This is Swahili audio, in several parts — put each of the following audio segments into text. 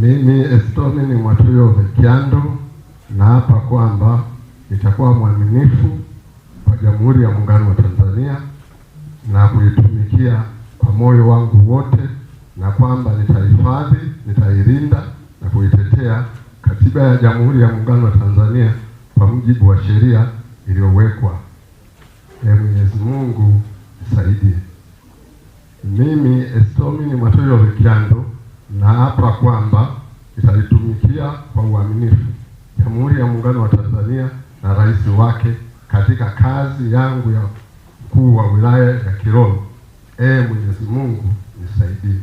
Mimi Estoni ni Mwatulio Vekyando naapa kwamba nitakuwa mwaminifu kwa Jamhuri ya Muungano wa Tanzania na kuitumikia kwa moyo wangu wote, na kwamba nitahifadhi, nitailinda na kuitetea Katiba ya Jamhuri ya Muungano wa Tanzania kwa mujibu wa sheria iliyowekwa. Ee Mwenyezi Mungu nisaidie. Mimi Estomi ni Mwatulio Vekyando naapa kwamba italitumikia kwa uaminifu Jamhuri ya Muungano wa Tanzania na rais wake katika kazi yangu ya mkuu wa wilaya ya Kilolo. Ee Mwenyezi Mungu nisaidie.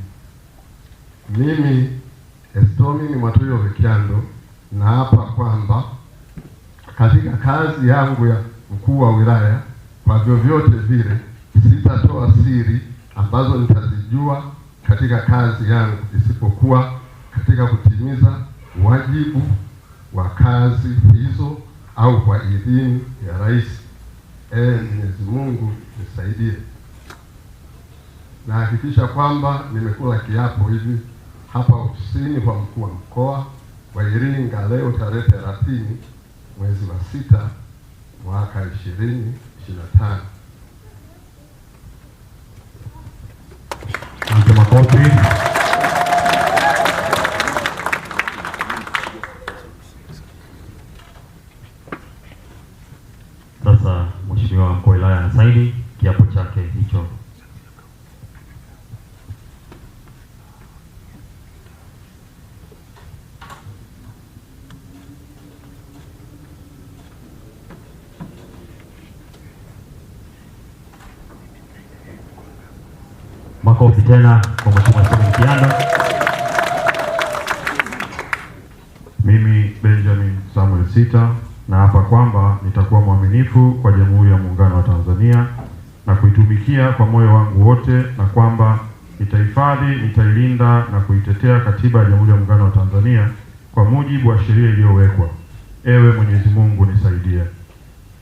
Mimi Estomin Mwatuyo Vekyando naapa kwamba katika kazi yangu ya mkuu wa wilaya, kwa vyovyote vile sitatoa siri ambazo nitazijua katika kazi yangu isipokuwa katika kutimiza wajibu wa kazi hizo au kwa idhini ya rais. Ee Mwenyezi Mungu nisaidie, nahakikisha kwamba nimekula kiapo hivi hapa ofisini kwa mkuu wa mkoa wa Iringa leo tarehe thelathini mwezi wa sita mwaka ishirini ishirini na tano. Makofi. makofi tena kwa Mheshimiwa Steven Kianda. Mimi Benjamin Samuel Sita hapa kwamba nitakuwa mwaminifu kwa Jamhuri ya Muungano wa Tanzania na kuitumikia kwa moyo wangu wote, na kwamba nitahifadhi, nitailinda na kuitetea Katiba ya Jamhuri ya Muungano wa Tanzania kwa mujibu wa sheria iliyowekwa. Ewe Mwenyezi Mungu nisaidie.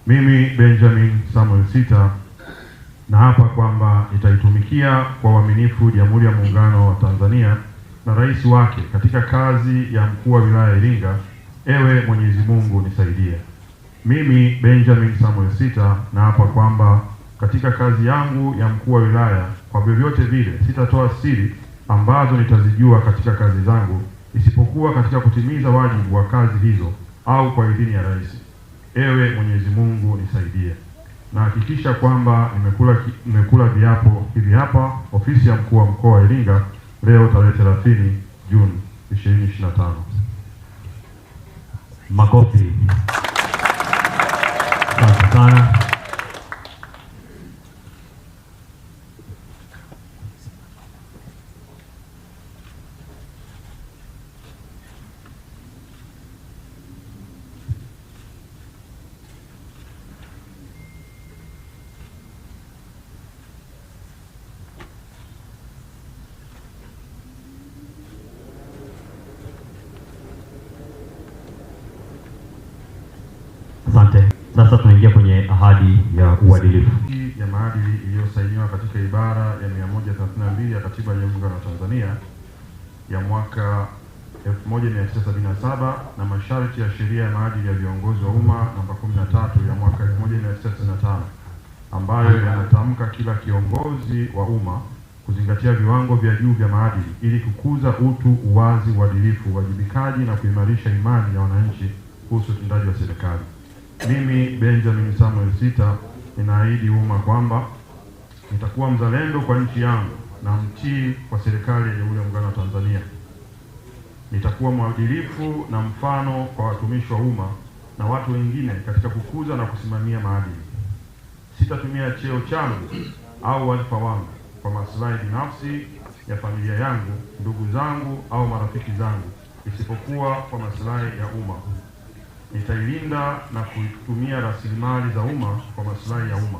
Mimi Benjamin Samuel Sita na hapa kwamba nitaitumikia kwa uaminifu Jamhuri ya Muungano wa Tanzania na rais wake katika kazi ya mkuu wa wilaya ya Iringa. Ewe Mwenyezi Mungu nisaidie. Mimi Benjamin Samuel Sita naapa kwamba katika kazi yangu ya mkuu wa wilaya, kwa vyovyote vile sitatoa siri ambazo nitazijua katika kazi zangu, isipokuwa katika kutimiza wajibu wa kazi hizo au kwa idhini ya rais. Ewe Mwenyezi Mungu nisaidie nahakikisha kwamba nimekula nimekula viapo hivi hapa ofisi ya mkuu wa mkoa wa Iringa leo tarehe 30 Juni 2025. Makofi. Asante sana. Sasa tunaingia kwenye ahadi ya uadilifu ya maadili iliyosainiwa katika ibara ya 132 ya Katiba ya Muungano wa Tanzania ya mwaka 1977 na masharti ya sheria ya maadili ya viongozi wa umma namba 13 ya mwaka 1995 ambayo yanatamka kila kiongozi wa umma kuzingatia viwango vya juu vya maadili ili kukuza utu, uwazi, uadilifu, uwajibikaji na kuimarisha imani ya wananchi kuhusu utendaji wa serikali. Mimi Benjamin Samuel Sita ninaahidi umma kwamba nitakuwa mzalendo kwa nchi yangu na mtii kwa serikali ya Jamhuri ya Muungano wa Tanzania. Nitakuwa mwadilifu na mfano kwa watumishi wa umma na watu wengine katika kukuza na kusimamia maadili. Sitatumia cheo changu au wadhifa wangu kwa maslahi binafsi ya familia yangu, ndugu zangu au marafiki zangu, isipokuwa kwa maslahi ya umma nitailinda na kuitumia rasilimali za umma kwa maslahi ya umma.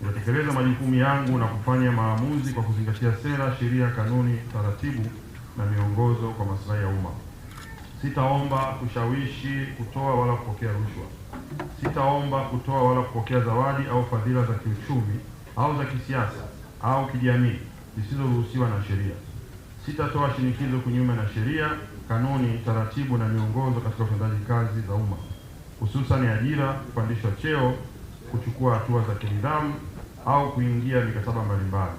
Nitatekeleza majukumu yangu na kufanya maamuzi kwa kuzingatia sera, sheria, kanuni, taratibu na miongozo kwa maslahi ya umma. Sitaomba kushawishi, kutoa wala kupokea rushwa. Sitaomba kutoa wala kupokea zawadi au fadhila za kiuchumi au za kisiasa au kijamii zisizoruhusiwa na sheria. Sitatoa shinikizo kinyume na sheria kanuni, taratibu na miongozo katika utendaji kazi za umma, hususan ajira, kupandishwa cheo, kuchukua hatua za kinidhamu au kuingia mikataba mbalimbali.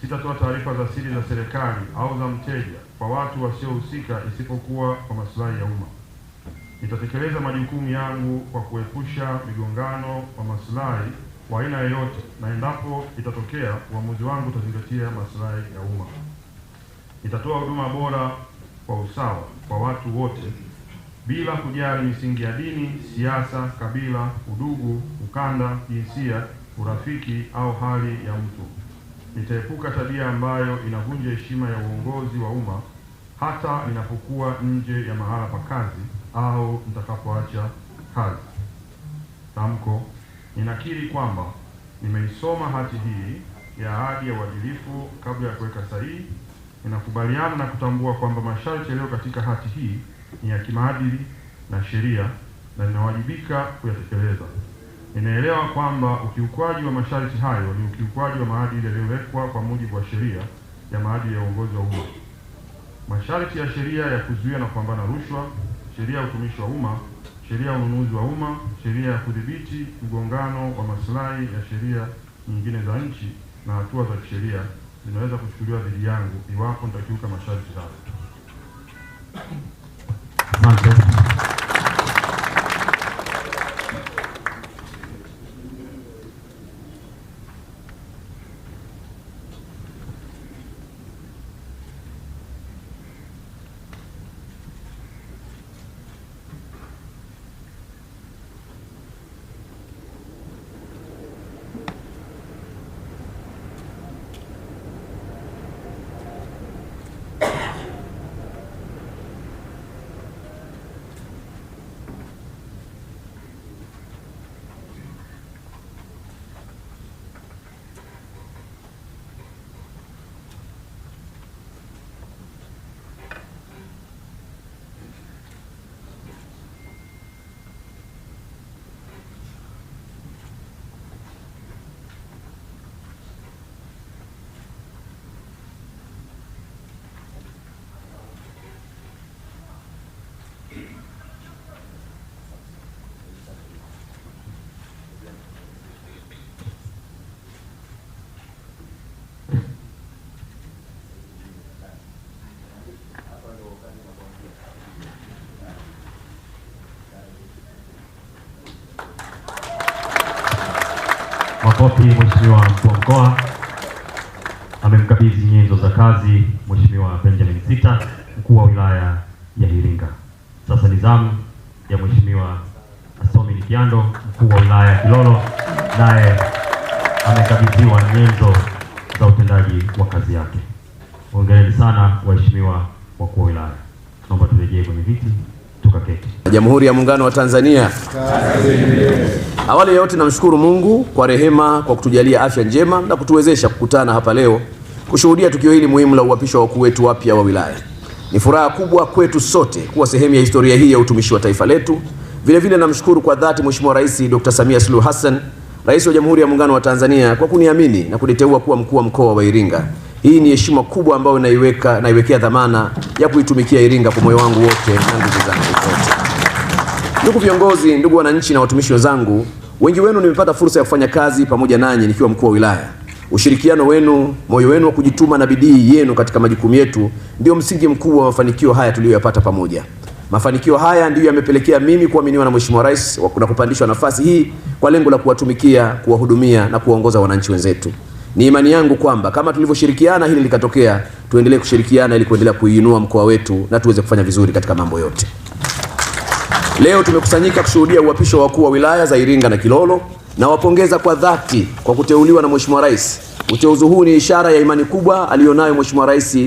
Sitatoa taarifa za siri za serikali au za mteja kwa watu wasiohusika isipokuwa kwa maslahi ya umma. Nitatekeleza majukumu yangu kwa kuepusha migongano wa maslahi wa aina yoyote, na endapo itatokea, uamuzi wangu utazingatia maslahi ya umma. Nitatoa huduma bora kwa usawa kwa watu wote bila kujali misingi ya dini, siasa, kabila, udugu, ukanda, jinsia, urafiki au hali ya mtu. Nitaepuka tabia ambayo inavunja heshima ya uongozi wa umma hata ninapokuwa nje ya mahala pa kazi au nitakapoacha kazi. Tamko: ninakiri kwamba nimeisoma hati hii ya ahadi ya uadilifu kabla ya kuweka sahihi inakubaliana na kutambua kwamba masharti yaliyo katika hati hii ni ya kimaadili na sheria na inawajibika kuyatekeleza. Inaelewa kwamba ukiukwaji wa masharti hayo ni ukiukwaji wa maadili yaliyowekwa kwa mujibu wa sheria ya maadili ya uongozi wa umma, masharti ya sheria ya kuzuia na kupambana rushwa, sheria ya utumishi wa umma, sheria ya ununuzi wa umma, sheria ya kudhibiti mgongano wa maslahi ya sheria nyingine za nchi na hatua za kisheria zinaweza kuchukuliwa dhidi yangu iwapo nitakiuka masharti hayo. makofi. Mheshimiwa mkuu wa mkoa amemkabidhi nyenzo za kazi Mheshimiwa Benjamin Sita, mkuu wa wilaya ya Iringa. Sasa ni zamu ya Mheshimiwa Asomi Kiando, mkuu wa wilaya ya Kilolo, naye amekabidhiwa nyenzo za utendaji wa kazi yake. Hongereni sana waheshimiwa wakuu wa wilaya, naomba turejee kwenye viti. Jamhuri ya Muungano wa Tanzania. Awali ya yote namshukuru Mungu kwa rehema kwa kutujalia afya njema na kutuwezesha kukutana hapa leo kushuhudia tukio hili muhimu la uapisho wa wakuu wetu wapya wa wilaya. Ni furaha kubwa kwetu sote kuwa sehemu ya historia hii ya utumishi wa taifa letu. Vilevile namshukuru kwa dhati Mheshimiwa Rais Dr. Samia Suluhu Hassan, Rais wa Jamhuri ya Muungano wa Tanzania kwa kuniamini na kuniteua kuwa mkuu wa mkoa wa Iringa. Hii ni heshima kubwa ambayo naiweka naiwekea dhamana ya kuitumikia Iringa kwa moyo wangu wote na nguvu zangu zote. Ndugu viongozi, ndugu wananchi na watumishi wenzangu, wengi wenu nimepata fursa ya kufanya kazi pamoja nanyi nikiwa mkuu wa wilaya. Ushirikiano wenu, moyo wenu wa kujituma na bidii yenu katika majukumu yetu ndio msingi mkuu wa mafanikio haya tuliyoyapata pamoja. Mafanikio haya ndiyo yamepelekea mimi kuaminiwa na Mheshimiwa Rais na kupandishwa nafasi hii kwa lengo la kuwatumikia, kuwahudumia na kuwaongoza wananchi wenzetu. Ni imani yangu kwamba kama tulivyoshirikiana hili likatokea, tuendelee kushirikiana ili kuendelea kuinua mkoa wetu na tuweze kufanya vizuri katika mambo yote. Leo tumekusanyika kushuhudia uhapisho wa wakuu wa wilaya za Iringa na Kilolo. Nawapongeza kwa dhati kwa kuteuliwa na Mheshimiwa Rais. Uteuzi huu ni ishara ya imani kubwa aliyonayo Mheshimiwa Rais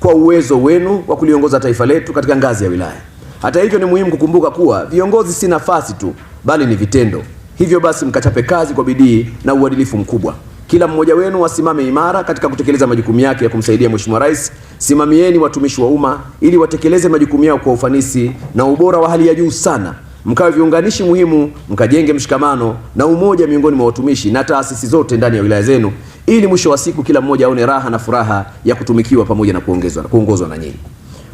kwa uwezo wenu wa kuliongoza taifa letu katika ngazi ya wilaya. Hata hivyo, ni muhimu kukumbuka kuwa viongozi si nafasi tu, bali ni vitendo. Hivyo basi, mkachape kazi kwa bidii na uadilifu mkubwa. Kila mmoja wenu asimame imara katika kutekeleza majukumu yake ya kumsaidia Mheshimiwa Rais Simamieni watumishi wa umma ili watekeleze majukumu yao kwa ufanisi na ubora wa hali ya juu sana, mkawe viunganishi muhimu, mkajenge mshikamano na umoja miongoni mwa watumishi na taasisi zote ndani ya wilaya zenu, ili mwisho wa siku kila mmoja aone raha na furaha ya kutumikiwa pamoja na kuongezwa kuongozwa na nyinyi.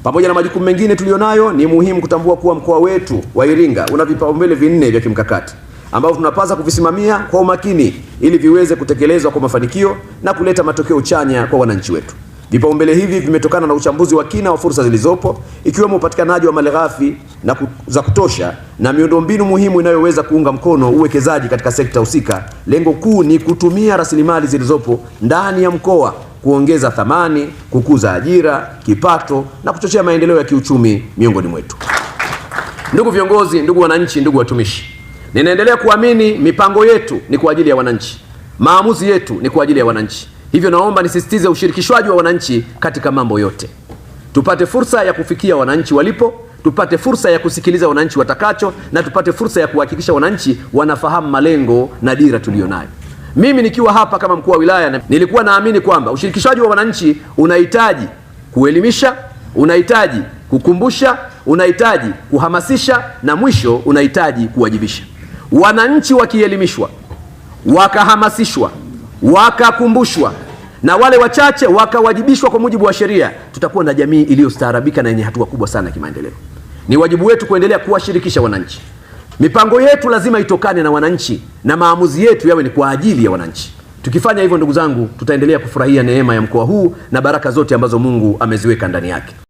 Pamoja na majukumu mengine tuliyonayo, ni muhimu kutambua kuwa mkoa wetu wa Iringa una vipaumbele vinne vya kimkakati ambavyo tunapaswa kuvisimamia kwa umakini ili viweze kutekelezwa kwa mafanikio na kuleta matokeo chanya kwa wananchi wetu. Vipaumbele hivi vimetokana na uchambuzi wa kina wa fursa zilizopo ikiwemo upatikanaji wa malighafi na za kutosha na miundombinu muhimu inayoweza kuunga mkono uwekezaji katika sekta husika. Lengo kuu ni kutumia rasilimali zilizopo ndani ya mkoa kuongeza thamani, kukuza ajira, kipato na kuchochea maendeleo ya kiuchumi miongoni mwetu. Ndugu viongozi, ndugu wananchi, ndugu watumishi, ninaendelea kuamini mipango yetu ni kwa ajili ya wananchi, maamuzi yetu ni kwa ajili ya wananchi. Hivyo naomba nisisitize ushirikishwaji wa wananchi katika mambo yote, tupate fursa ya kufikia wananchi walipo, tupate fursa ya kusikiliza wananchi watakacho, na tupate fursa ya kuhakikisha wananchi wanafahamu malengo na dira tuliyonayo. Mimi nikiwa hapa kama mkuu wa wilaya nilikuwa naamini kwamba ushirikishwaji wa wananchi unahitaji kuelimisha, unahitaji kukumbusha, unahitaji kuhamasisha na mwisho unahitaji kuwajibisha. Wananchi wakielimishwa, wakahamasishwa wakakumbushwa na wale wachache wakawajibishwa kwa mujibu wa sheria, tutakuwa na jamii iliyostaarabika na yenye hatua kubwa sana kimaendeleo. Ni wajibu wetu kuendelea kuwashirikisha wananchi. Mipango yetu lazima itokane na wananchi na maamuzi yetu yawe ni kwa ajili ya wananchi. Tukifanya hivyo, ndugu zangu, tutaendelea kufurahia neema ya mkoa huu na baraka zote ambazo Mungu ameziweka ndani yake.